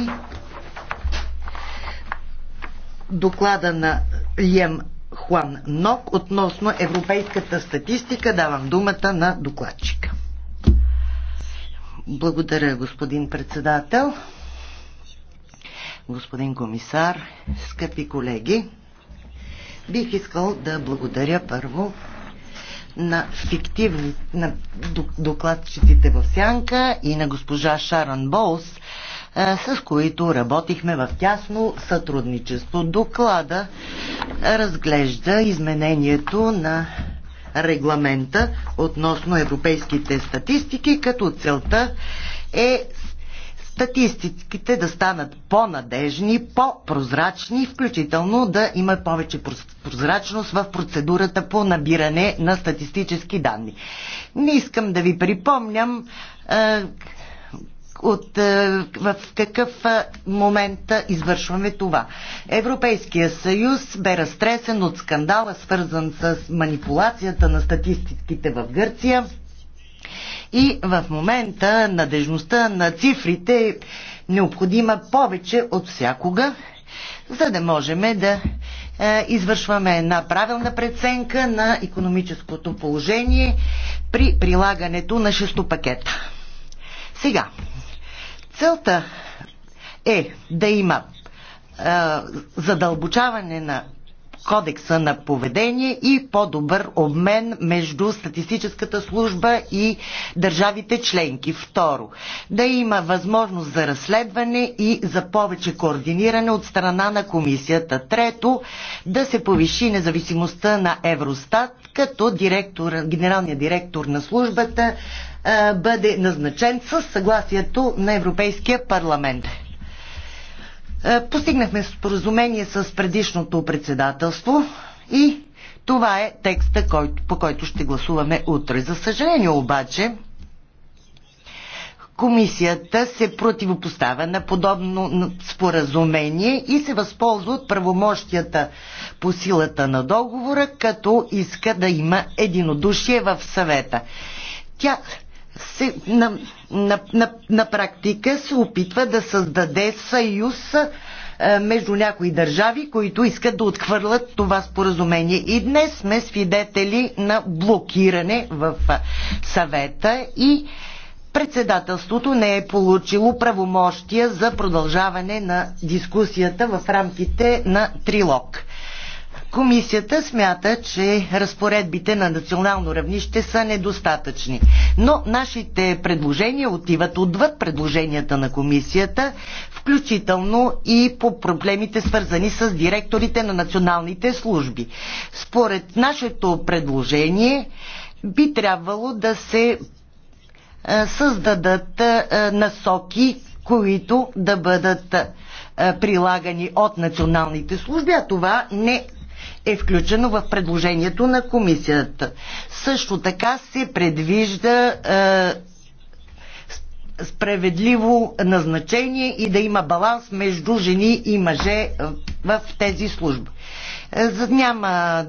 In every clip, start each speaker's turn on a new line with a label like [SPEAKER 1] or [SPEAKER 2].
[SPEAKER 1] ви ами, доклада на Лием Хуан Нок относно европейската статистика. Давам думата на докладчика. Благодаря, господин председател, господин комисар, скъпи колеги. Бих искал да благодаря първо на фиктивни на докладчиците в Сянка и на госпожа Шаран Болс е, с които работихме в тясно сътрудничество. Доклада разглежда изменението на регламента относно европейските статистики, като целта е статистиките да станат по-надежни, по-прозрачни, включително да има повече прозрачност в процедурата по набиране на статистически данни. Не искам да ви припомням е, от, е, в какъв е, момент извършваме това. Европейския съюз бе разтресен от скандала, свързан с манипулацията на статистиките в Гърция. И в момента надежността на цифрите е необходима повече от всякога, за да можем да е, извършваме една правилна преценка на економическото положение при прилагането на шестопакета. Сега, Целта е да има а, задълбочаване на кодекса на поведение и по-добър обмен между статистическата служба и държавите членки. Второ, да има възможност за разследване и за повече координиране от страна на комисията. Трето, да се повиши независимостта на Евростат, като директор, генералният директор на службата е, бъде назначен с съгласието на Европейския парламент. Е, постигнахме споразумение с предишното председателство и това е текста, по който ще гласуваме утре. За съжаление обаче, комисията се противопоставя на подобно споразумение и се възползва от правомощията по силата на договора, като иска да има единодушие в съвета. Тя се, на, на, на, на практика се опитва да създаде съюз е, между някои държави, които искат да отхвърлят това споразумение. И днес сме свидетели на блокиране в е, съвета и председателството не е получило правомощия за продължаване на дискусията в рамките на трилог. Комисията смята, че разпоредбите на национално равнище са недостатъчни. Но нашите предложения отиват отвъд предложенията на комисията, включително и по проблемите свързани с директорите на националните служби. Според нашето предложение би трябвало да се е, създадат е, насоки, които да бъдат е, прилагани от националните служби, а това не е включено в предложението на комисията. Също така се предвижда е, справедливо назначение и да има баланс между жени и мъже е, в тези служби. Е, няма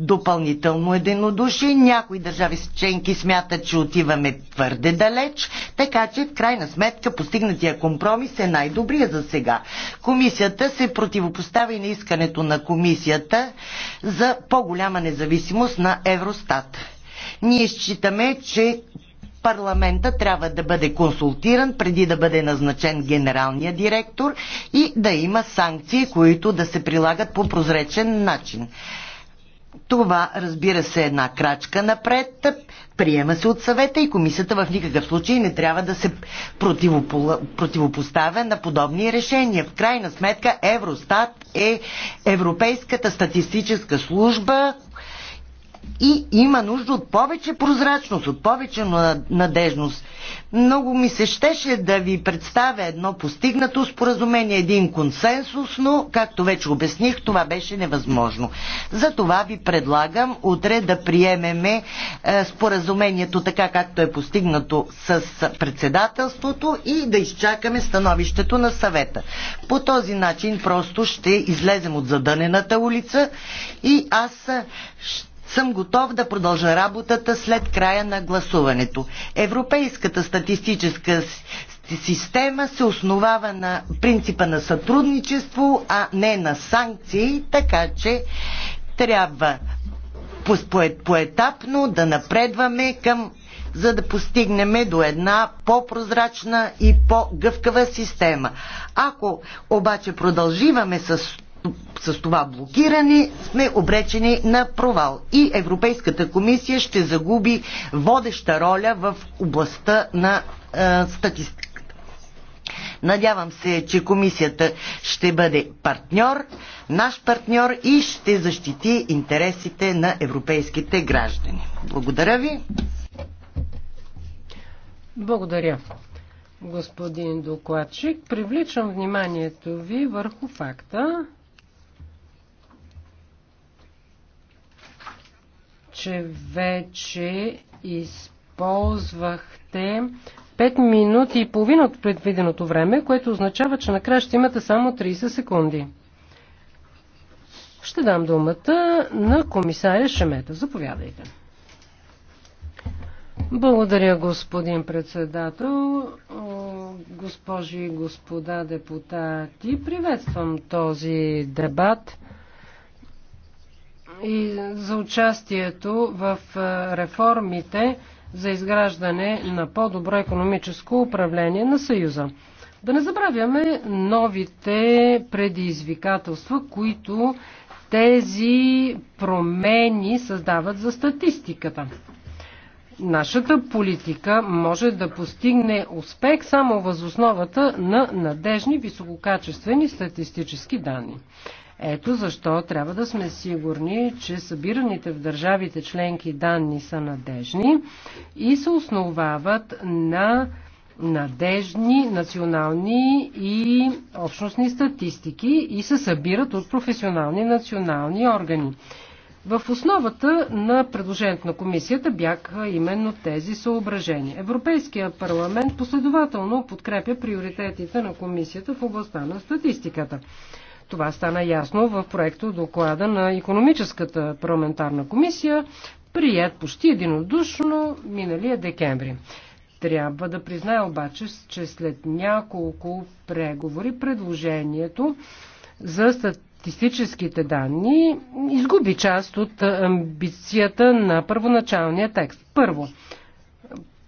[SPEAKER 1] допълнително единодушие. Някои държави членки смятат, че отиваме твърде далеч, така че в крайна сметка постигнатия компромис е най-добрия за сега. Комисията се противопостави на искането на комисията за по-голяма независимост на Евростат. Ние считаме, че парламента трябва да бъде консултиран преди да бъде назначен генералния директор и да има санкции, които да се прилагат по прозречен начин. Това, разбира се, е една крачка напред. Приема се от съвета и комисията в никакъв случай не трябва да се противопоставя на подобни решения. В крайна сметка Евростат е Европейската статистическа служба, и има нужда от повече прозрачност, от повече надежност. Много ми се щеше да ви представя едно постигнато споразумение, един консенсус, но, както вече обясних, това беше невъзможно. Затова ви предлагам утре да приемеме е, споразумението така, както е постигнато с председателството и да изчакаме становището на съвета. По този начин просто ще излезем от задънената улица и аз ще съм готов да продължа работата след края на гласуването. Европейската статистическа система се основава на принципа на сътрудничество, а не на санкции, така че трябва поетапно да напредваме към за да постигнем до една по-прозрачна и по-гъвкава система. Ако обаче продълживаме с с това блокиране сме обречени на провал и Европейската комисия ще загуби водеща роля в областта на е, статистиката. Надявам се, че комисията ще бъде партньор, наш партньор и ще защити интересите на европейските граждани. Благодаря ви.
[SPEAKER 2] Благодаря. Господин докладчик, привличам вниманието ви върху факта, че вече използвахте 5 минути и половина от предвиденото време, което означава, че накрая ще имате само 30 секунди. Ще дам думата на комисаря Шемета. Заповядайте. Благодаря, господин председател. Госпожи и господа депутати, приветствам този дебат и за участието в реформите за изграждане на по-добро економическо управление на Съюза. Да не забравяме новите предизвикателства, които тези промени създават за статистиката. Нашата политика може да постигне успех само възосновата на надежни висококачествени статистически данни. Ето защо трябва да сме сигурни, че събираните в държавите членки данни са надежни и се основават на надежни национални и общностни статистики и се събират от професионални национални органи. В основата на предложението на комисията бяха именно тези съображения. Европейския парламент последователно подкрепя приоритетите на комисията в областта на статистиката. Това стана ясно в проекто доклада на економическата парламентарна комисия, прият почти единодушно миналия декември. Трябва да призная обаче, че след няколко преговори предложението за статистическите данни изгуби част от амбицията на първоначалния текст. Първо,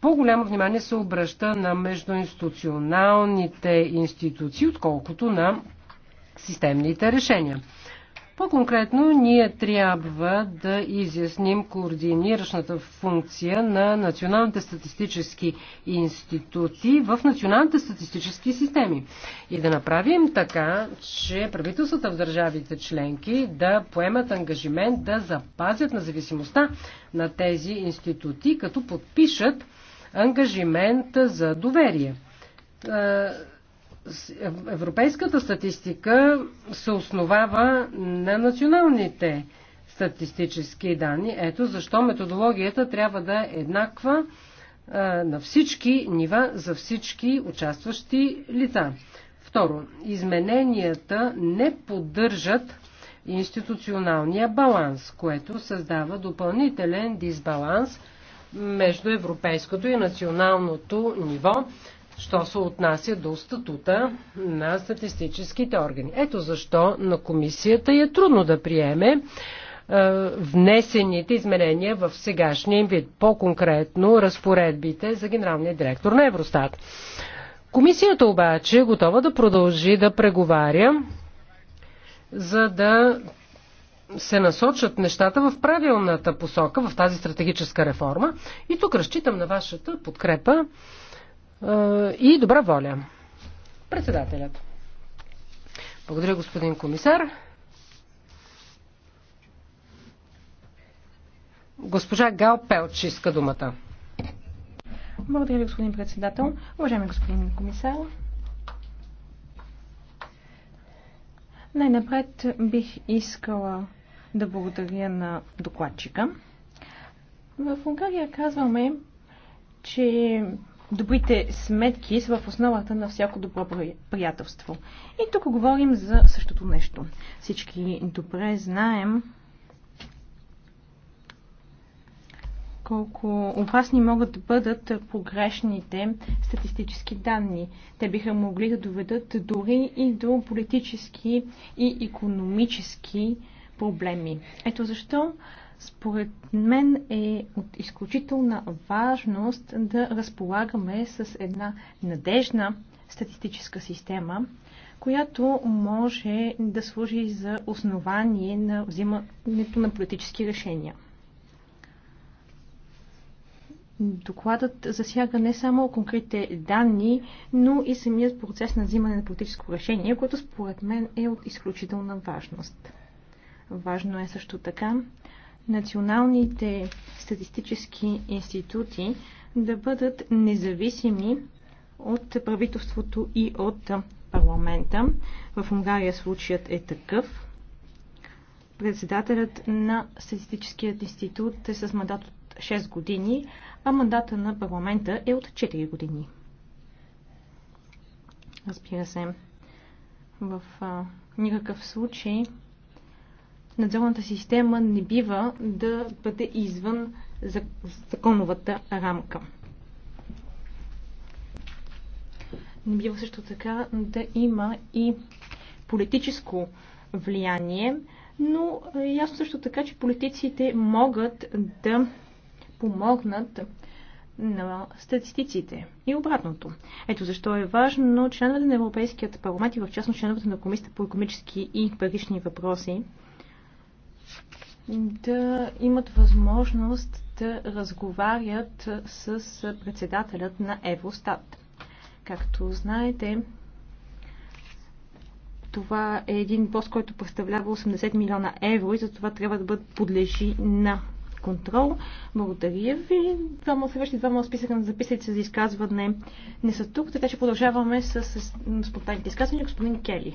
[SPEAKER 2] по-голямо внимание се обръща на междуинституционалните институции, отколкото на системните решения. По-конкретно, ние трябва да изясним координиращата функция на националните статистически институции в националните статистически системи и да направим така, че правителствата в държавите членки да поемат ангажимент да запазят независимостта на тези институти, като подпишат ангажимент за доверие е, европейската статистика се основава на националните статистически данни. Ето защо методологията трябва да е еднаква на всички нива за всички участващи лица. Второ, измененията не поддържат институционалния баланс, което създава допълнителен дисбаланс между европейското и националното ниво, що се отнася до статута на статистическите органи. Ето защо на комисията е трудно да приеме е, внесените изменения в сегашния им вид, по-конкретно разпоредбите за генералния директор на Евростат. Комисията обаче е готова да продължи да преговаря, за да се насочат нещата в правилната посока, в тази стратегическа реформа. И тук разчитам на вашата подкрепа е, и добра воля. Председателят. Благодаря, господин комисар. Госпожа Гал Пелч иска думата.
[SPEAKER 3] Благодаря ви, господин председател. Уважаеми господин комисар. Най-напред бих искала да благодаря на докладчика. В Унгария казваме, че добрите сметки са в основата на всяко добро приятелство. И тук говорим за същото нещо. Всички добре знаем колко опасни могат да бъдат погрешните статистически данни. Те биха могли да доведат дори и до политически и економически проблеми. Ето защо според мен е от изключителна важност да разполагаме с една надежна статистическа система, която може да служи за основание на взимането на политически решения. Докладът засяга не само конкретните данни, но и самият процес на взимане на политическо решение, което според мен е от изключителна важност. Важно е също така националните статистически институти да бъдат независими от правителството и от парламента. В Унгария случаят е такъв. Председателят на Статистическият институт е с мандат от 6 години, а мандата на парламента е от 4 години. Разбира се, в а, никакъв случай надзорната система не бива да бъде извън законовата рамка. Не бива също така да има и политическо влияние, но ясно също така, че политиците могат да помогнат на статистиците. И обратното. Ето защо е важно членовете на Европейският парламент и в частност членовете на Комисията по економически и парични въпроси да имат възможност да разговарят с председателят на Евростат. Както знаете, това е един пост, който представлява 80 милиона евро и за това трябва да бъдат подлежи на контрол. Благодаря ви. Двама следващи двама списъка на записалите за изказване не са тук, така че продължаваме с, с спонтанните изказвания. Господин Кели.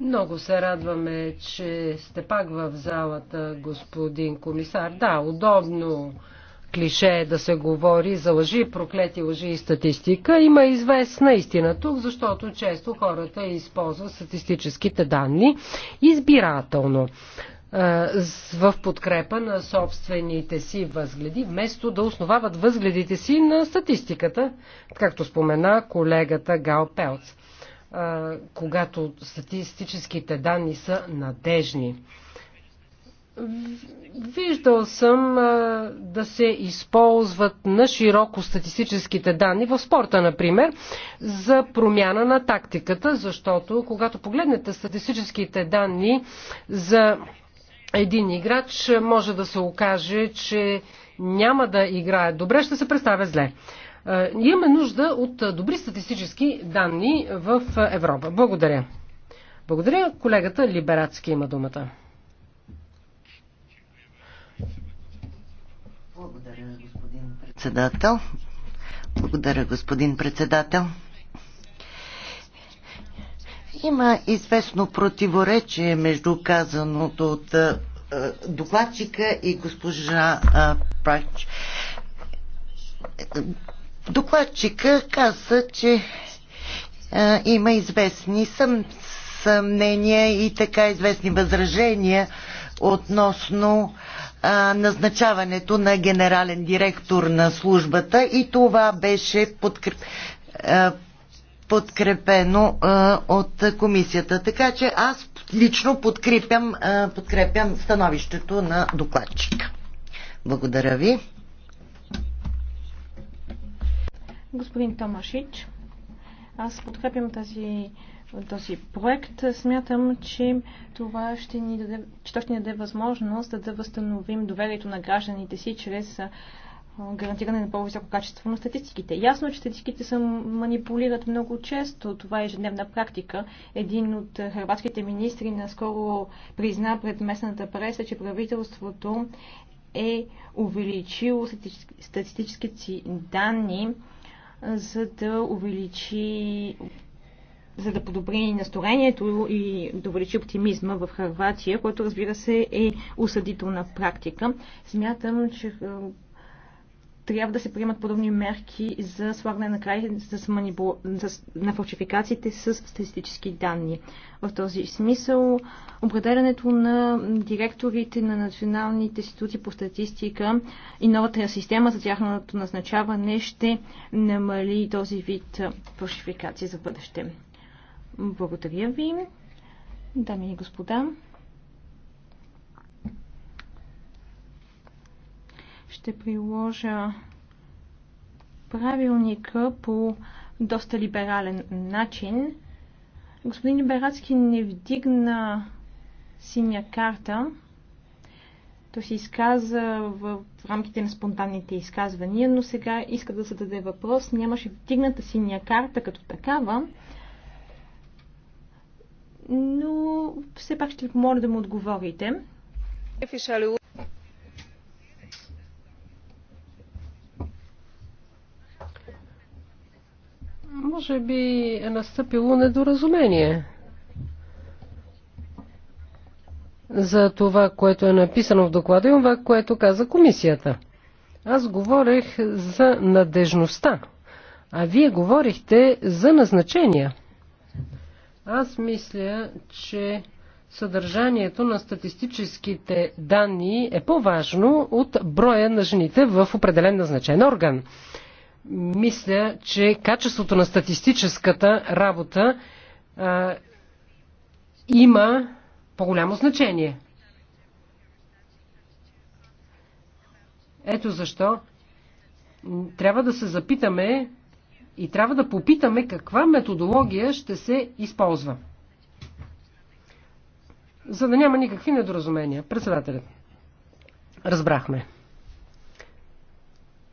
[SPEAKER 2] Много се радваме, че сте пак в залата, господин комисар. Да, удобно клише е да се говори за лъжи, проклети лъжи и статистика. Има известна истина тук, защото често хората използват статистическите данни избирателно е, в подкрепа на собствените си възгледи, вместо да основават възгледите си на статистиката, както спомена колегата Гал Пелц когато статистическите данни са надежни. Виждал съм да се използват на широко статистическите данни в спорта, например, за промяна на тактиката, защото когато погледнете статистическите данни за един играч, може да се окаже, че няма да играе добре, ще се представя зле. Е, имаме нужда от е, добри статистически данни в е, Европа. Благодаря. Благодаря. Колегата Либерацки има думата.
[SPEAKER 1] Благодаря, господин председател. Благодаря, господин председател. Има известно противоречие между казаното от докладчика и госпожа Прач. Докладчика каза, че а, има известни съм, съмнения и така известни възражения относно а, назначаването на генерален директор на службата и това беше подкреп, а, подкрепено а, от комисията. Така че аз лично подкрепям, а, подкрепям становището на докладчика. Благодаря ви.
[SPEAKER 3] Господин Томашич, аз подкрепям тази, този проект. Смятам, че това ще ни даде, че ще ни даде възможност да възстановим доверието на гражданите си чрез гарантиране на по-високо качество на статистиките. Ясно, е, че статистиките се манипулират много често. Това е ежедневна практика. Един от хрватските министри наскоро призна пред местната преса, че правителството е увеличило статистическите си данни за да увеличи за да подобри настроението и да увеличи оптимизма в Харватия, което разбира се е осъдителна практика. Смятам, че трябва да се приемат подобни мерки за слагане на край с манипу... с... на фалшификациите с статистически данни. В този смисъл определянето на директорите на националните институти по статистика и новата система за тяхното назначаване ще намали този вид фалшификации за бъдеще. Благодаря ви, дами и господа. ще приложа правилника по доста либерален начин. Господин Либерацки не вдигна синя карта. Той се изказа в, рамките на спонтанните изказвания, но сега иска да зададе въпрос. Нямаше вдигната синя карта като такава, но все пак ще ви помоля да му отговорите. Може би
[SPEAKER 2] е настъпило недоразумение за това, което е написано в доклада и това, което каза комисията. Аз говорех за надежността, а вие говорихте за назначения. Аз мисля, че съдържанието на статистическите данни е по-важно от броя на жените в определен назначен орган мисля, че качеството на статистическата работа а, има по-голямо значение. Ето защо трябва да се запитаме и трябва да попитаме каква методология ще се използва. За да няма никакви недоразумения. Председателят. Разбрахме.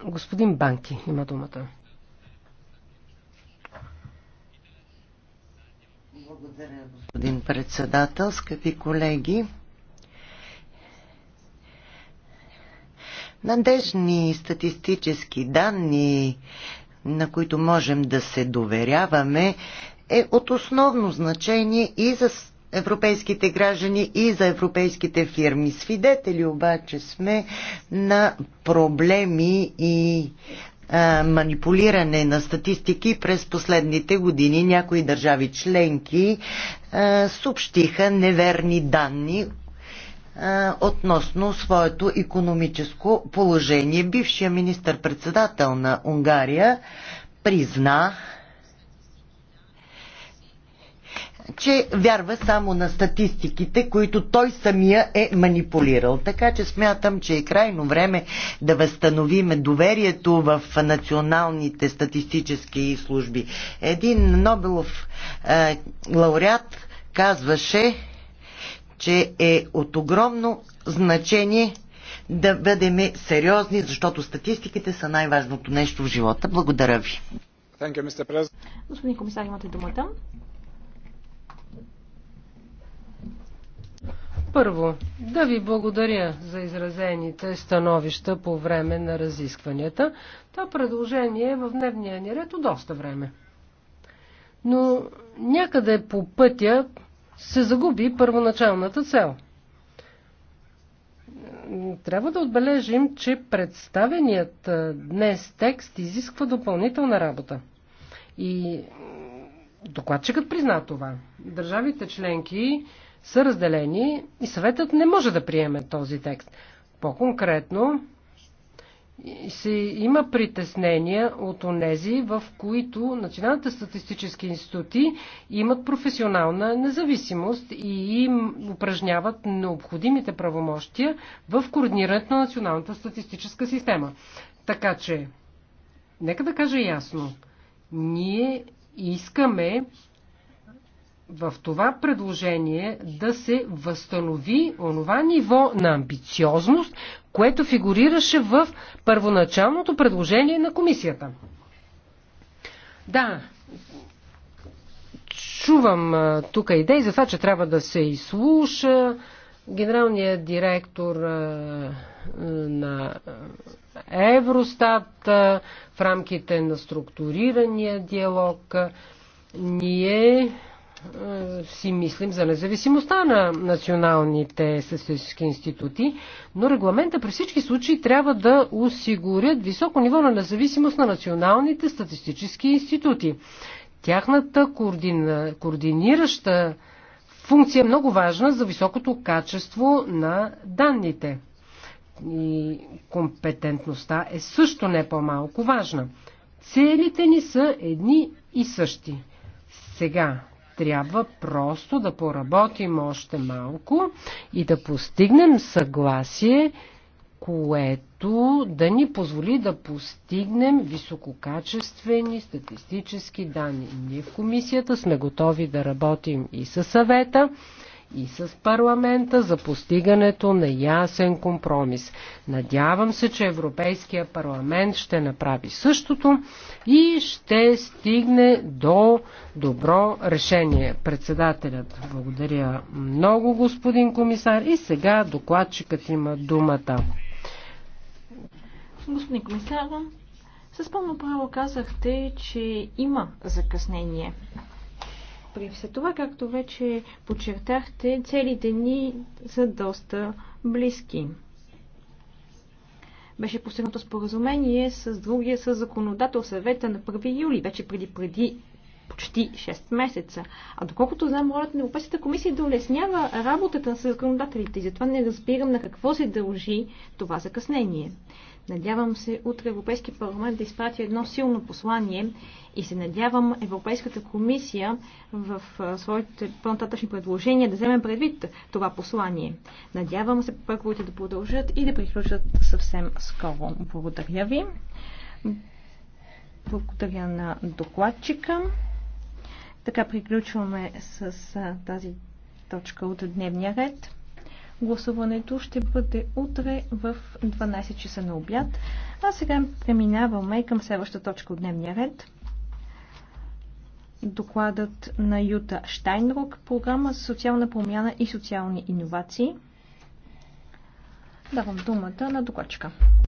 [SPEAKER 2] Господин Банки има думата.
[SPEAKER 1] Благодаря, господин председател, скъпи колеги. Надежни статистически данни, на които можем да се доверяваме, е от основно значение и за европейските граждани и за европейските фирми. Свидетели обаче сме на проблеми и а, манипулиране на статистики през последните години. Някои държави членки а, съобщиха неверни данни относно своето економическо положение. Бившия министър-председател на Унгария призна, че вярва само на статистиките, които той самия е манипулирал. Така че смятам, че е крайно време да възстановиме доверието в националните статистически служби. Един Нобелов е, лауреат казваше, че е от огромно значение да бъдем сериозни, защото статистиките са най-важното нещо в живота. Благодаря ви.
[SPEAKER 3] You, Господин комисар, имате думата.
[SPEAKER 2] Първо, да ви благодаря за изразените становища по време на разискванията. Това предложение е в дневния ни ред от доста време. Но някъде по пътя се загуби първоначалната цел. Трябва да отбележим, че представеният днес текст изисква допълнителна работа. И докладчикът призна това. Държавите членки са разделени и съветът не може да приеме този текст. По-конкретно, се има притеснения от онези, в които националните статистически институти имат професионална независимост и им упражняват необходимите правомощия в координирането на националната статистическа система. Така че, нека да кажа ясно, ние искаме в това предложение да се възстанови онова ниво на амбициозност, което фигурираше в първоначалното предложение на комисията. Да, чувам тук идеи за това, че трябва да се изслуша генералният директор на Евростат в рамките на структурирания диалог. Ние е, си мислим за независимостта на националните статистически институти, но регламента при всички случаи трябва да осигурят високо ниво на независимост на националните статистически институти. Тяхната координа, координираща функция е много важна за високото качество на данните. И компетентността е също не по-малко важна. Целите ни са едни и същи. Сега, трябва просто да поработим още малко и да постигнем съгласие, което да ни позволи да постигнем висококачествени статистически данни. Ние в комисията сме готови да работим и със съвета и с парламента за постигането на ясен компромис. Надявам се, че Европейския парламент ще направи същото и ще стигне до добро решение. Председателят, благодаря много, господин комисар. И сега докладчикът има думата.
[SPEAKER 3] Господин комисар, с пълно право казахте, че има закъснение. При все това, както вече подчертахте, целите ни са доста близки. Беше постигнато споразумение с другия с законодател съвета на 1 юли, вече преди, преди почти 6 месеца. А доколкото знам, ролята на Европейската комисия е да улеснява работата на законодателите и затова не разбирам на какво се дължи това закъснение. Надявам се утре Европейския парламент да изпрати едно силно послание и се надявам Европейската комисия в своите по-нататъчни предложения да вземе предвид това послание. Надявам се преговорите да продължат и да приключат съвсем скоро. Благодаря ви. Благодаря на докладчика. Така приключваме с тази точка от дневния ред. Гласуването ще бъде утре в 12 часа на обяд. А сега преминаваме към следващата точка от дневния ред. Докладът на Юта Штайнрук, програма за социална промяна и социални иновации. Давам думата на докладчика.